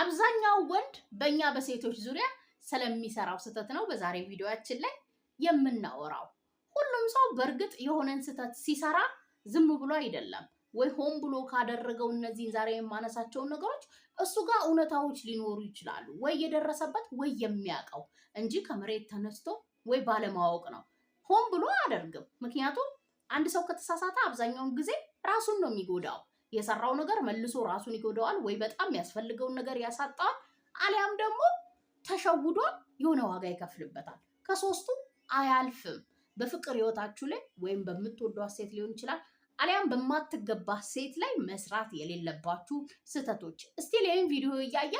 አብዛኛው ወንድ በእኛ በሴቶች ዙሪያ ስለሚሰራው ስህተት ነው በዛሬ ቪዲዮያችን ላይ የምናወራው። ሁሉም ሰው በእርግጥ የሆነን ስህተት ሲሰራ ዝም ብሎ አይደለም ወይ ሆን ብሎ ካደረገው እነዚህን ዛሬ የማነሳቸውን ነገሮች እሱ ጋር እውነታዎች ሊኖሩ ይችላሉ፣ ወይ የደረሰበት ወይ የሚያውቀው እንጂ ከመሬት ተነስቶ ወይ ባለማወቅ ነው። ሆን ብሎ አያደርግም። ምክንያቱም አንድ ሰው ከተሳሳተ አብዛኛውን ጊዜ ራሱን ነው የሚጎዳው። የሰራው ነገር መልሶ ራሱን ይጎዳዋል፣ ወይ በጣም የሚያስፈልገውን ነገር ያሳጣዋል፣ አሊያም ደግሞ ተሸውዷል፣ የሆነ ዋጋ ይከፍልበታል። ከሶስቱ አያልፍም። በፍቅር ህይወታችሁ ላይ ወይም በምትወዷት ሴት ሊሆን ይችላል አሊያም በማትገባ ሴት ላይ መስራት የሌለባችሁ ስህተቶች። እስቲ ይህን ቪዲዮ እያየ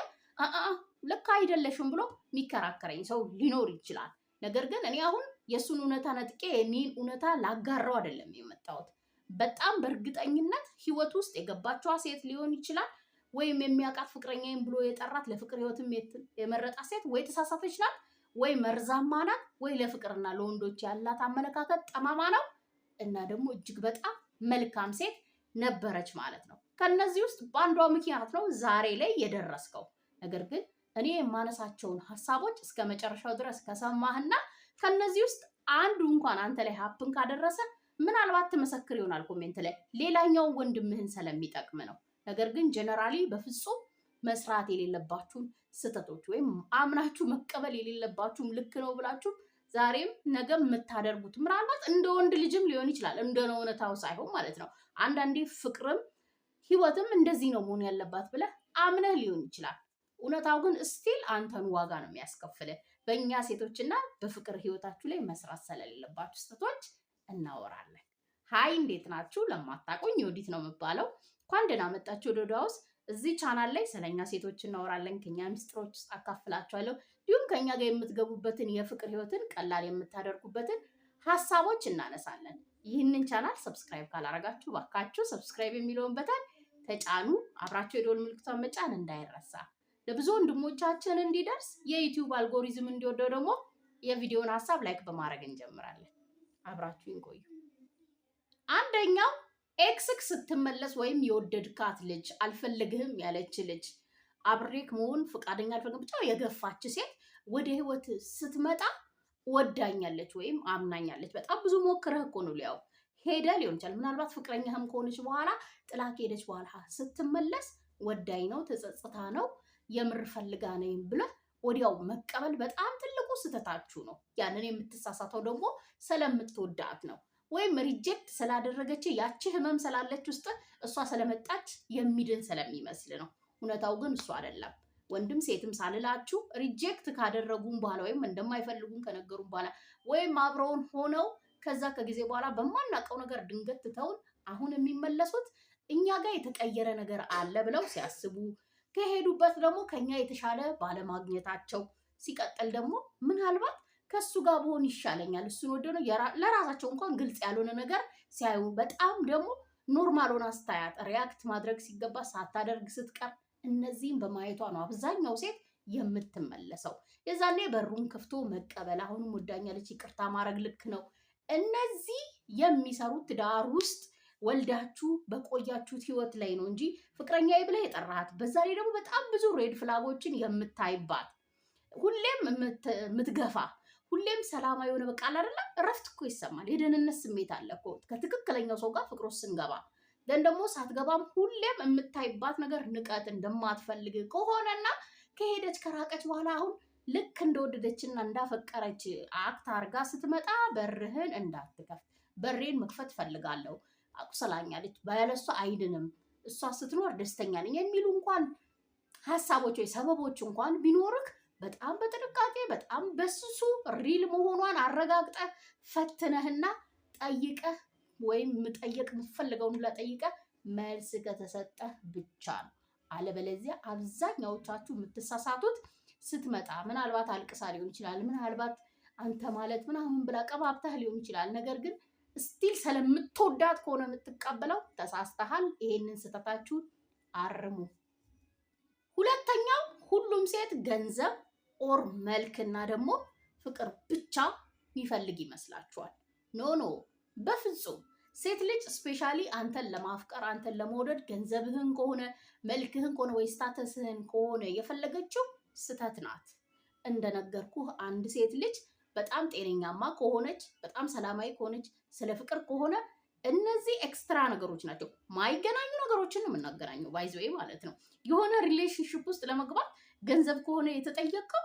ልክ አይደለሽም ብሎ የሚከራከረኝ ሰው ሊኖር ይችላል። ነገር ግን እኔ አሁን የእሱን እውነታ ነጥቄ የኔን እውነታ ላጋራው አይደለም የመጣሁት። በጣም በእርግጠኝነት ህይወት ውስጥ የገባችዋ ሴት ሊሆን ይችላል ወይም የሚያውቃት ፍቅረኛዬን ብሎ የጠራት ለፍቅር ህይወትም የመረጣት ሴት ወይ ተሳሳተች ናት፣ ወይ መርዛማ ናት፣ ወይ ለፍቅርና ለወንዶች ያላት አመለካከት ጠማማ ነው እና ደግሞ እጅግ በጣም መልካም ሴት ነበረች ማለት ነው። ከነዚህ ውስጥ በአንዷ ምክንያት ነው ዛሬ ላይ የደረስከው። ነገር ግን እኔ የማነሳቸውን ሀሳቦች እስከ መጨረሻው ድረስ ከሰማህና ከነዚህ ውስጥ አንዱ እንኳን አንተ ላይ ሀፕን ካደረሰ ምናልባት ትመሰክር ይሆናል ኮሜንት ላይ ሌላኛው ወንድምህን ስለሚጠቅም ነው። ነገር ግን ጀነራሊ በፍጹም መስራት የሌለባችሁን ስህተቶች ወይም አምናችሁ መቀበል የሌለባችሁም ልክ ነው ብላችሁ ዛሬም ነገም የምታደርጉት ምናልባት እንደ ወንድ ልጅም ሊሆን ይችላል እንደ እውነታው ሳይሆን ማለት ነው። አንዳንዴ ፍቅርም ህይወትም እንደዚህ ነው መሆን ያለባት ብለህ አምነህ ሊሆን ይችላል። እውነታው ግን እስቲል አንተን ዋጋ ነው የሚያስከፍልህ። በእኛ ሴቶችና በፍቅር ህይወታችሁ ላይ መስራት ስለሌለባችሁ ስህተቶች እናወራለን። ሀይ እንዴት ናችሁ? ለማታቆኝ የወዲት ነው የምባለው። እንኳን ደህና መጣችሁ ወደ ዮድ ሃውስ። እዚህ ቻናል ላይ ስለኛ ሴቶች እናወራለን፣ ከኛ ሚስጥሮች ውስጥ አካፍላችኋለሁ። እንዲሁም ከኛ ጋር የምትገቡበትን የፍቅር ህይወትን ቀላል የምታደርጉበትን ሀሳቦች እናነሳለን። ይህንን ቻናል ሰብስክራይብ ካላረጋችሁ ባካችሁ ሰብስክራይብ የሚለውን በታል ተጫኑ። አብራችሁ የደወል ምልክቷን መጫን እንዳይረሳ። ለብዙ ወንድሞቻችን እንዲደርስ የዩቲዩብ አልጎሪዝም እንዲወደው ደግሞ የቪዲዮን ሀሳብ ላይክ በማድረግ እንጀምራለን። አብራችሁ ቆዩ። አንደኛው ኤክስክ ስትመለስ ወይም የወደድካት ልጅ አልፈልግህም ያለች ልጅ አብሬክ መሆን ፍቃደኛ አልፈልግም ብቻ የገፋች ሴት ወደ ህይወት ስትመጣ ወዳኛለች ወይም አምናኛለች። በጣም ብዙ ሞክረህ እኮ ነው ሊያው ሄደ ሊሆን ይችላል። ምናልባት ፍቅረኛህም ከሆነች በኋላ ጥላ ከሄደች በኋላ ስትመለስ ወዳኝ ነው ተጸጽታ ነው የምር ፈልጋ ነኝ ብለህ ወዲያው መቀበል በጣም ትልቁ ስህተታችሁ ነው። ያንን የምትሳሳተው ደግሞ ስለምትወዳት ነው ወይም ሪጀክት ስላደረገች ያቺ ህመም ስላለች ውስጥ እሷ ስለመጣች የሚድን ስለሚመስል ነው። እውነታው ግን እሱ አይደለም። ወንድም ሴትም ሳልላችሁ ሪጀክት ካደረጉም በኋላ ወይም እንደማይፈልጉን ከነገሩም በኋላ ወይም አብረውን ሆነው ከዛ ከጊዜ በኋላ በማናውቀው ነገር ድንገት ትተውን አሁን የሚመለሱት እኛ ጋር የተቀየረ ነገር አለ ብለው ሲያስቡ ከሄዱበት ደግሞ ከኛ የተሻለ ባለማግኘታቸው ሲቀጥል ደግሞ ምናልባት ከሱ ጋር በሆን ይሻለኛል እሱን ወደ ነው ለራሳቸው እንኳን ግልጽ ያልሆነ ነገር ሲያዩ በጣም ደግሞ ኖርማል ሆና ስታያት ሪያክት ማድረግ ሲገባ ሳታደርግ ስትቀር እነዚህም በማየቷ ነው አብዛኛው ሴት የምትመለሰው። የዛኔ በሩን ከፍቶ መቀበል አሁንም ወዳኛለች ይቅርታ ማድረግ ልክ ነው። እነዚህ የሚሰሩት ትዳር ውስጥ ወልዳችሁ በቆያችሁት ህይወት ላይ ነው እንጂ ፍቅረኛዬ ብለህ የጠራሃት በዛ ላይ ደግሞ በጣም ብዙ ሬድ ፍላጎችን የምታይባት ሁሌም የምትገፋ ሁሌም ሰላማዊ የሆነ በቃ አይደለም፣ እረፍት እኮ ይሰማል። የደህንነት ስሜት አለ እኮ ከትክክለኛው ሰው ጋር ፍቅሮ ስንገባ ደን ደግሞ ሳትገባም ሁሌም የምታይባት ነገር ንቀት እንደማትፈልግ ከሆነና ከሄደች ከራቀች በኋላ አሁን ልክ እንደወደደችና እንዳፈቀረች አክት አርጋ ስትመጣ በርህን እንዳትከፍት። በሬን መክፈት ፈልጋለሁ አቁስላኛለች፣ ባያለሱ አይድንም፣ እሷ ስትኖር ደስተኛ ነኝ የሚሉ እንኳን ሀሳቦች ወይ ሰበቦች እንኳን ቢኖርክ በጣም በጥንቃቄ በጣም በስሱ ሪል መሆኗን አረጋግጠህ ፈትነህና ጠይቀህ ወይም ምጠየቅ የምትፈልገውን ሁላ ጠይቀህ መልስ ከተሰጠህ ብቻ ነው። አለበለዚያ አብዛኛዎቻችሁ የምትሳሳቱት ስትመጣ ምናልባት አልቅሳ ሊሆን ይችላል። ምናልባት አንተ ማለት ምናምን ብላ ቀባብተህ ሊሆን ይችላል። ነገር ግን ስቲል ስለምትወዳት ከሆነ የምትቀበለው ተሳስተሃል። ይሄንን ስህተታችሁን አርሙ። ሁለተኛው ሁሉም ሴት ገንዘብ ኦር መልክና ደግሞ ፍቅር ብቻ የሚፈልግ ይመስላችኋል። ኖ ኖ፣ በፍጹም ሴት ልጅ ስፔሻሊ አንተን ለማፍቀር አንተን ለመውደድ ገንዘብህን ከሆነ መልክህን ከሆነ ወይ ስታተስህን ከሆነ የፈለገችው ስተት ናት። እንደነገርኩህ አንድ ሴት ልጅ በጣም ጤነኛማ ከሆነች በጣም ሰላማዊ ከሆነች ስለ ፍቅር ከሆነ እነዚህ ኤክስትራ ነገሮች ናቸው። ማይገናኙ ነገሮችን የምናገናኘው ባይዘወይ ማለት ነው። የሆነ ሪሌሽንሽፕ ውስጥ ለመግባት ገንዘብ ከሆነ የተጠየቀው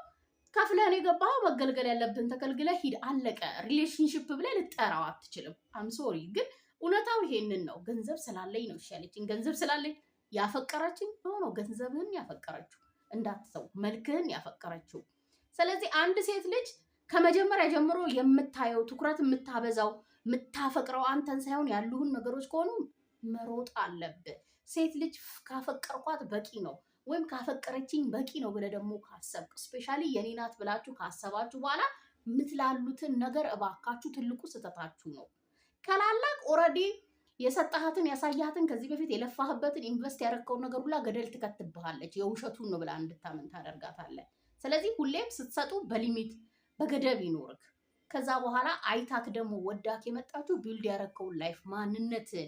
ከፍለን የገባ መገልገል ያለብን ተገልግለ ሂድ፣ አለቀ። ሪሌሽንሽፕ ብለ ልጠራው አትችልም። አምሶሪ ግን እውነታው ይሄንን ነው። ገንዘብ ስላለኝ ነው ይሻለችኝ፣ ገንዘብ ስላለኝ ያፈቀረችኝ ሆኖ ገንዘብህን ያፈቀረችው እንዳትሰው መልክህን ያፈቀረችው። ስለዚህ አንድ ሴት ልጅ ከመጀመሪያ ጀምሮ የምታየው ትኩረት የምታበዛው የምታፈቅረው አንተን ሳይሆን ያሉህን ነገሮች ከሆኑ መሮጥ አለብህ። ሴት ልጅ ካፈቀርኳት በቂ ነው ወይም ካፈቀረችኝ በቂ ነው ብለህ ደግሞ ካሰብክ ስፔሻሊ የኔ ናት ብላችሁ ካሰባችሁ በኋላ የምትላሉትን ነገር እባካችሁ ትልቁ ስህተታችሁ ነው። ከላላቅ ኦልሬዲ የሰጣሃትን ያሳያትን ከዚህ በፊት የለፋህበትን ኢንቨስት ያደረግከውን ነገር ሁላ ገደል ትከትብሃለች። የውሸቱን ነው ብላ እንድታምን ታደርጋታለህ። ስለዚህ ሁሌም ስትሰጡ በሊሚት በገደብ ይኖርክ። ከዛ በኋላ አይታክ ደግሞ ወዳክ የመጣችሁ ቢልድ ያረከውን ላይፍ ማንነትን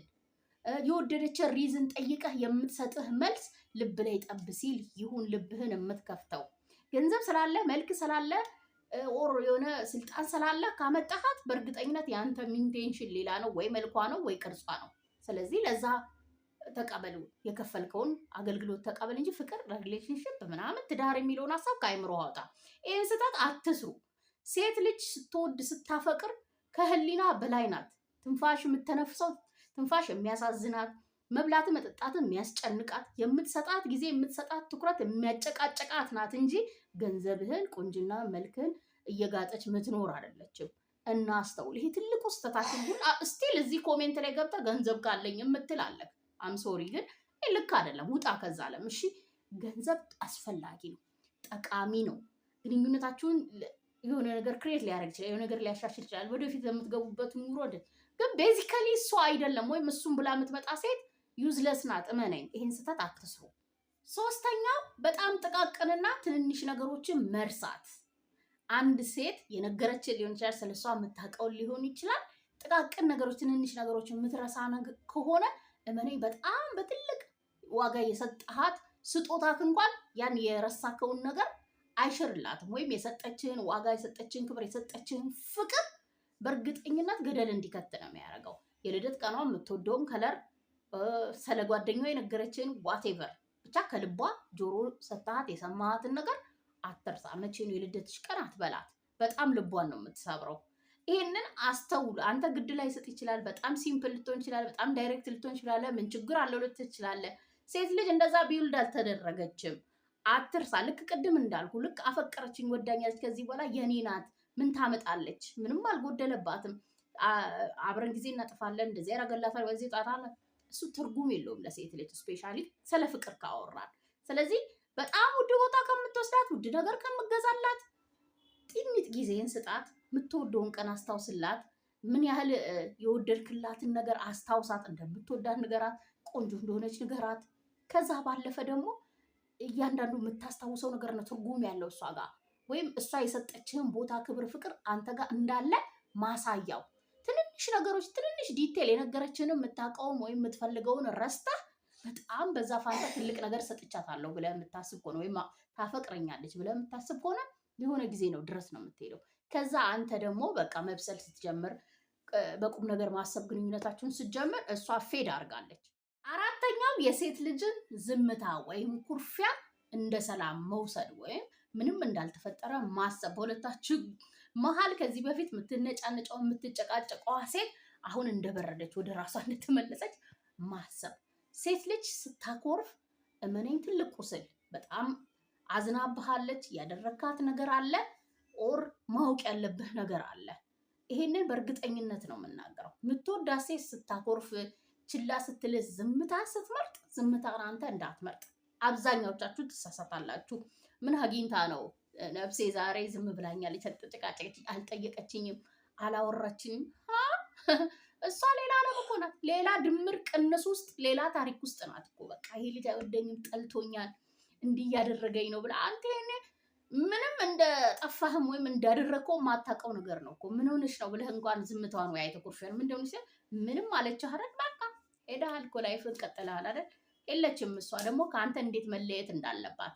የወደደችን ሪዝን ጠይቀህ የምትሰጥህ መልስ ልብ ላይ ጠብ ሲል ይሁን ልብህን የምትከፍተው ገንዘብ ስላለ መልክ ስላለ ኦር የሆነ ስልጣን ስላለ ካመጣሃት በእርግጠኝነት የአንተ ኢንቴንሽን ሌላ ነው፣ ወይ መልኳ ነው፣ ወይ ቅርጿ ነው። ስለዚህ ለዛ ተቀበሉ የከፈልከውን አገልግሎት ተቀበል እንጂ ፍቅር፣ ሪሌሽንሽፕ፣ ምናምን ትዳር የሚለውን ሀሳብ ከአይምሮ አውጣ። ይህን ስህተት አትስሩ። ሴት ልጅ ስትወድ ስታፈቅር ከህሊና በላይ ናት። ትንፋሽ የምትተነፍሰው ትንፋሽ የሚያሳዝናት፣ መብላት መጠጣትን የሚያስጨንቃት፣ የምትሰጣት ጊዜ የምትሰጣት ትኩረት የሚያጨቃጨቃት ናት እንጂ ገንዘብህን፣ ቁንጅና፣ መልክህን እየጋጠች ምትኖር አይደለችም። እናስተውል። ይሄ ትልቁ ስህተታችን። ሁላ እስቲል እዚህ ኮሜንት ላይ ገብተ ገንዘብ ካለኝ የምትል አለ። አምሶሪ ግን ልክ አይደለም። ውጣ ከዛ አለም። እሺ ገንዘብ አስፈላጊ ነው፣ ጠቃሚ ነው። ግንኙነታችሁን የሆነ ነገር ክሬት ሊያደርግ ይችላል፣ የሆነ ነገር ሊያሻሽል ይችላል ወደፊት ለምትገቡበት ኑሮ። ግን ቤዚካሊ እሷ አይደለም ወይም እሱም ብላ የምትመጣ ሴት ዩዝለስ ናት። እመነኝ፣ ይህን ስህተት አትስሩ። ሶስተኛ በጣም ጥቃቅንና ትንንሽ ነገሮችን መርሳት። አንድ ሴት የነገረችን ሊሆን ይችላል፣ ስለሷ የምታውቀውን ሊሆን ይችላል። ጥቃቅን ነገሮች፣ ትንንሽ ነገሮች የምትረሳ ከሆነ እመነኝ፣ በጣም በትልቅ ዋጋ የሰጠሃት ስጦታት እንኳን ያን የረሳከውን ነገር አይሽርላትም ወይም የሰጠችህን ዋጋ የሰጠችህን ክብር የሰጠችህን ፍቅር በእርግጠኝነት ገደል እንዲከት ነው የሚያደርገው። የልደት ቀኗ የምትወደውን ከለር ስለ ጓደኛ የነገረችህን ዋቴቨር ብቻ ከልቧ ጆሮ ሰታት የሰማሃትን ነገር አትርሳ። መቼ የልደትሽ ቀን አትበላት። በጣም ልቧን ነው የምትሰብረው። ይህንን አስተውሉ። አንተ ግድ ላይ ስጥ ይችላል። በጣም ሲምፕል ልትሆን ይችላል። በጣም ዳይሬክት ልትሆን ይችላለ። ምን ችግር አለው ልት ሴት ልጅ እንደዛ ቢውልድ አልተደረገችም። አትርሳ። ልክ ቅድም እንዳልኩ ልክ አፈቀረችኝ፣ ወዳኛለች፣ ከዚህ በኋላ የኔ ናት፣ ምን ታመጣለች? ምንም አልጎደለባትም፣ አብረን ጊዜ እናጥፋለን፣ እንደዚያ ያረገላታል፣ በዚህ ጣታለ። እሱ ትርጉም የለውም ለሴት ልጅ ስፔሻሊ ስለ ፍቅር ካወራል። ስለዚህ በጣም ውድ ቦታ ከምትወስዳት፣ ውድ ነገር ከምገዛላት፣ ጥቂት ጊዜን ስጣት፣ የምትወደውን ቀን አስታውስላት፣ ምን ያህል የወደድክላትን ነገር አስታውሳት፣ እንደምትወዳት ንገራት፣ ቆንጆ እንደሆነች ንገራት። ከዛ ባለፈ ደግሞ እያንዳንዱ የምታስታውሰው ነገር ነው ትርጉም ያለው እሷ ጋር ወይም እሷ የሰጠችህን ቦታ፣ ክብር፣ ፍቅር አንተ ጋር እንዳለ ማሳያው ትንንሽ ነገሮች፣ ትንንሽ ዲቴል የነገረችንም የምታውቀውን ወይም የምትፈልገውን ረስተህ በጣም በዛ ፋንታ ትልቅ ነገር ሰጥቻታለሁ ብለህ የምታስብ ከሆነ ወይም ታፈቅረኛለች ብለህ የምታስብ ከሆነ የሆነ ጊዜ ነው ድረስ ነው የምትሄደው። ከዛ አንተ ደግሞ በቃ መብሰል ስትጀምር፣ በቁም ነገር ማሰብ ግንኙነታችሁን ስትጀምር እሷ ፌድ አድርጋለች። አራተኛው የሴት ልጅን ዝምታ ወይም ኩርፊያ እንደ ሰላም መውሰድ ወይም ምንም እንዳልተፈጠረ ማሰብ። በሁለታችሁ መሀል ከዚህ በፊት የምትነጫነጫው የምትጨቃጨቀዋ ሴት አሁን እንደበረደች ወደ ራሷ እንደተመለሰች ማሰብ። ሴት ልጅ ስታኮርፍ እመነኝ ትልቅ ቁስል፣ በጣም አዝናብሃለች፣ ያደረካት ነገር አለ ኦር ማወቅ ያለብህ ነገር አለ። ይሄንን በእርግጠኝነት ነው የምናገረው። የምትወዳት ሴት ስታኮርፍ ችላ ስትል ዝምታ ስትመርጥ ዝምታ አንተ እንዳትመርጥ አብዛኛዎቻችሁ ትሳሳታላችሁ። ምን አግኝታ ነው ነፍሴ ዛሬ ዝም ብላኛለች፣ አልተጨቃጨቀችኝ፣ አልጠየቀችኝም፣ አላወራችኝም። እሷ ሌላ ዓለም እኮ ናት። ሌላ ድምር ቅንስ ውስጥ ሌላ ታሪክ ውስጥ ናት እኮ በቃ ይሄ ልጅ አይወደኝም፣ ጠልቶኛል፣ እንዲህ እያደረገኝ ነው ብላ አንተ ይሄኔ ምንም እንደ ጠፋህም ወይም እንዳደረግከው የማታውቀው ነገር ነው እኮ ምን ሆነሽ ነው ብለህ እንኳን ዝምታዋን ወይ አይተኮርሽ ምንደሆነ ምንም አለች አረግ ሄደህ እኮ ላይፍን ቀጥለሃል አይደል? የለችም። እሷ ደግሞ ከአንተ እንዴት መለየት እንዳለባት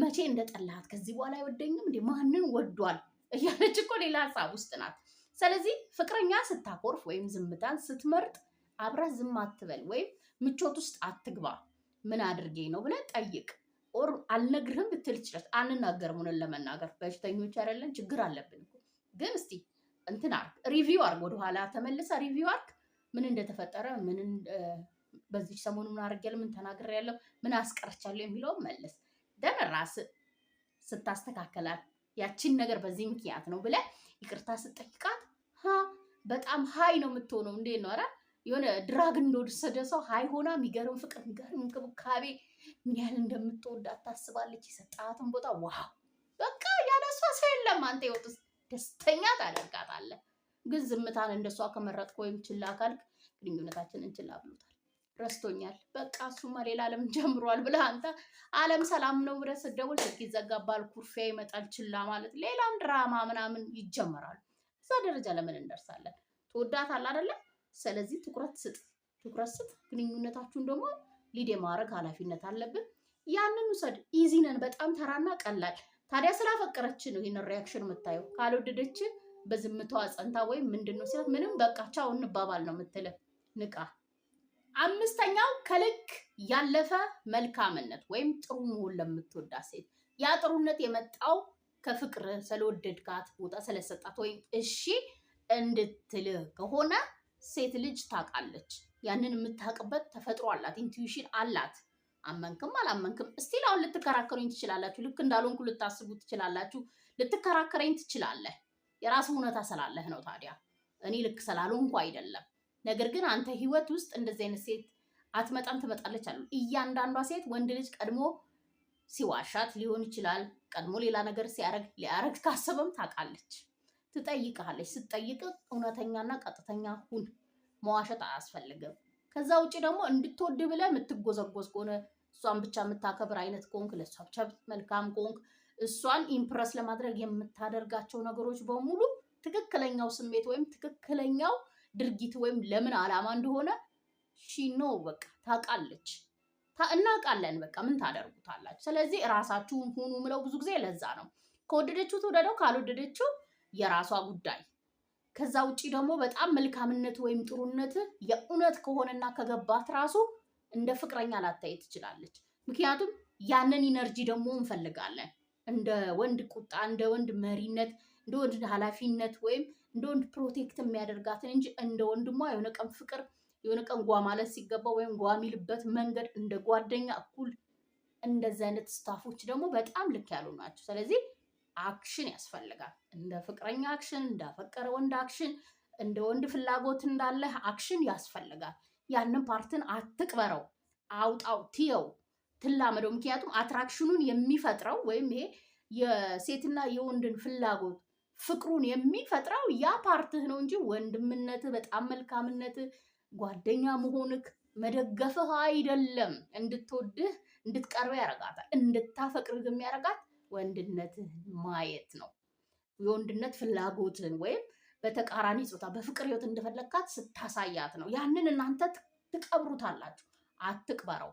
መቼ እንደጠላሃት ከዚህ በኋላ አይወደኝም እንዴ ማንን ወዷል እያለች እኮ ሌላ ሀሳብ ውስጥ ናት። ስለዚህ ፍቅረኛ ስታኮርፍ ወይም ዝምታን ስትመርጥ አብረህ ዝም አትበል ወይም ምቾት ውስጥ አትግባ። ምን አድርጌ ነው ብለህ ጠይቅ። ኦር አልነግርህም ብትል ችለት አንናገርም። ሆነን ለመናገር በሽተኞች አይደለን ችግር አለብን ግን እስቲ እንትን አርግ፣ ሪቪው አርግ፣ ወደኋላ ተመልሰ ሪቪው አርግ። ምን እንደተፈጠረ ምን በዚህ ሰሞኑ ምን አድርጌያለሁ፣ ምን ተናግሬያለሁ፣ ምን አስቀርቻለሁ የሚለውን መለስ ደን ራስ ስታስተካከላት ያቺን ነገር በዚህ ምክንያት ነው ብለ ይቅርታ ስጠይቃት በጣም ሀይ ነው የምትሆነው። እንዴት ነው ኧረ የሆነ ድራግ እንደወደሰደ ሰው ሀይ ሆና የሚገርም ፍቅር፣ የሚገርም እንክብካቤ፣ ምን ያህል እንደምትወዳት ታስባለች። የሰጣትን ቦታ ዋው በቃ ያለ ሰው የለም። አንተ የወጡት ደስተኛ ታደርጋታለህ። ግን ዝምታን እንደሷ ከመረጥክ ወይም ችላ ካልክ ግንኙነታችንን እንችላ ብሎታል። ረስቶኛል፣ በቃ እሱማ ሌላ ዓለም ጀምሯል ብለህ አንተ ዓለም ሰላም ነው ብለህ ስትደውል ስልክ ይዘጋባል፣ ኩርፊያ ይመጣል፣ ችላ ማለት ሌላም ድራማ ምናምን ይጀመራሉ። እዛ ደረጃ ለምን እንደርሳለን? ትወዳታለህ አይደለ? ስለዚህ ትኩረት ስጥ፣ ትኩረት ስጥ። ግንኙነታችሁን ደግሞ ሊድ የማድረግ ኃላፊነት አለብን። ያንን ውሰድ። ኢዚ ነን፣ በጣም ተራና ቀላል። ታዲያ ስላፈቀረች ነው ይህንን ሪያክሽን የምታየው። ካልወደደችን በዝምታዋ ጸንታ ወይም ምንድን ነው ሲላት ምንም በቃ ቻው እንባባል ነው የምትልህ። ንቃ። አምስተኛው ከልክ ያለፈ መልካምነት ወይም ጥሩ መሆን ለምትወዳ ሴት ያ ጥሩነት የመጣው ከፍቅር ስለወደድካት ቦታ ስለሰጣት ወይም እሺ እንድትል ከሆነ ሴት ልጅ ታውቃለች። ያንን የምታውቅበት ተፈጥሮ አላት፣ ኢንቱዊሽን አላት። አመንክም አላመንክም እስቲል አሁን ልትከራከሩኝ ትችላላችሁ። ልክ እንዳልሆንኩ ልታስቡ ትችላላችሁ። ልትከራከረኝ ትችላለህ። የራስ እውነታ ስላለህ ነው። ታዲያ እኔ ልክ ስላልሆንኩ አይደለም። ነገር ግን አንተ ህይወት ውስጥ እንደዚህ አይነት ሴት አትመጣም ትመጣለች አሉ። እያንዳንዷ ሴት ወንድ ልጅ ቀድሞ ሲዋሻት ሊሆን ይችላል። ቀድሞ ሌላ ነገር ሲያረግ ሊያረግ ካሰበም ታውቃለች፣ ትጠይቀሃለች። ስትጠይቅ እውነተኛና ቀጥተኛ ሁን፣ መዋሸት አያስፈልግም። ከዛ ውጭ ደግሞ እንድትወድ ብለህ የምትጎዘጎዝ ከሆነ እሷን ብቻ የምታከብር አይነት ኮንክ፣ ለእሷ ብቻ መልካም ኮንክ እሷን ኢምፕረስ ለማድረግ የምታደርጋቸው ነገሮች በሙሉ ትክክለኛው ስሜት ወይም ትክክለኛው ድርጊት ወይም ለምን ዓላማ እንደሆነ ሺኖ በቃ ታውቃለች። እናውቃለን በቃ ምን ታደርጉታላችሁ። ስለዚህ ራሳችሁን ሁኑ ምለው ብዙ ጊዜ ለዛ ነው። ከወደደችው ትውደደው፣ ካልወደደችው የራሷ ጉዳይ። ከዛ ውጪ ደግሞ በጣም መልካምነት ወይም ጥሩነት የእውነት ከሆነና ከገባት ራሱ እንደ ፍቅረኛ ላታይ ትችላለች። ምክንያቱም ያንን ኢነርጂ ደግሞ እንፈልጋለን። እንደ ወንድ ቁጣ፣ እንደ ወንድ መሪነት፣ እንደ ወንድ ኃላፊነት ወይም እንደ ወንድ ፕሮቴክት የሚያደርጋትን እንጂ እንደ ወንድሟ የሆነ ቀን ፍቅር የሆነ ቀን ጓ ማለት ሲገባ ወይም ጓ የሚልበት መንገድ እንደ ጓደኛ እኩል እንደዚህ አይነት ስታፎች ደግሞ በጣም ልክ ያሉ ናቸው። ስለዚህ አክሽን ያስፈልጋል። እንደ ፍቅረኛ አክሽን፣ እንዳፈቀረ ወንድ አክሽን፣ እንደ ወንድ ፍላጎት እንዳለህ አክሽን ያስፈልጋል። ያንን ፓርትን አትቅበረው፣ አውጣው፣ ትየው። ትላመደው። ምክንያቱም አትራክሽኑን የሚፈጥረው ወይም ይሄ የሴትና የወንድን ፍላጎት ፍቅሩን የሚፈጥረው ያ ፓርትህ ነው እንጂ ወንድምነትህ፣ በጣም መልካምነትህ፣ ጓደኛ መሆንክ፣ መደገፍህ አይደለም። እንድትወድህ እንድትቀርበህ ያረጋታል። እንድታፈቅርህ የሚያረጋት ወንድነትህ ማየት ነው። የወንድነት ፍላጎትን ወይም በተቃራኒ ጾታ በፍቅር ህይወት እንደፈለግካት ስታሳያት ነው። ያንን እናንተ ትቀብሩታላችሁ። አትቅበረው።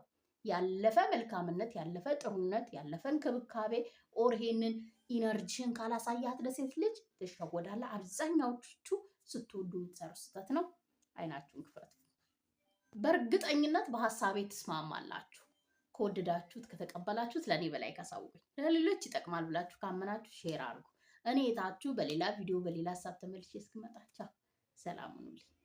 ያለፈ መልካምነት፣ ያለፈ ጥሩነት፣ ያለፈ እንክብካቤ ኦር ይሄንን ኢነርጂን ካላሳያት ለሴት ልጅ ትሸወዳለህ። አብዛኛዎቹ ስትወዱ የምትሰሩ ስህተት ነው። አይናችሁን ክፈቱ። በእርግጠኝነት በሀሳቤ ትስማማላችሁ። ከወደዳችሁት ከተቀበላችሁት፣ ለእኔ በላይ ካሳውቁኝ፣ ለሌሎች ይጠቅማል ብላችሁ ካመናችሁ ሼር አድርጉ። እኔ የታችሁ በሌላ ቪዲዮ በሌላ ሀሳብ ተመልሼ እስክመጣቻ ሰላም ሁኑልኝ።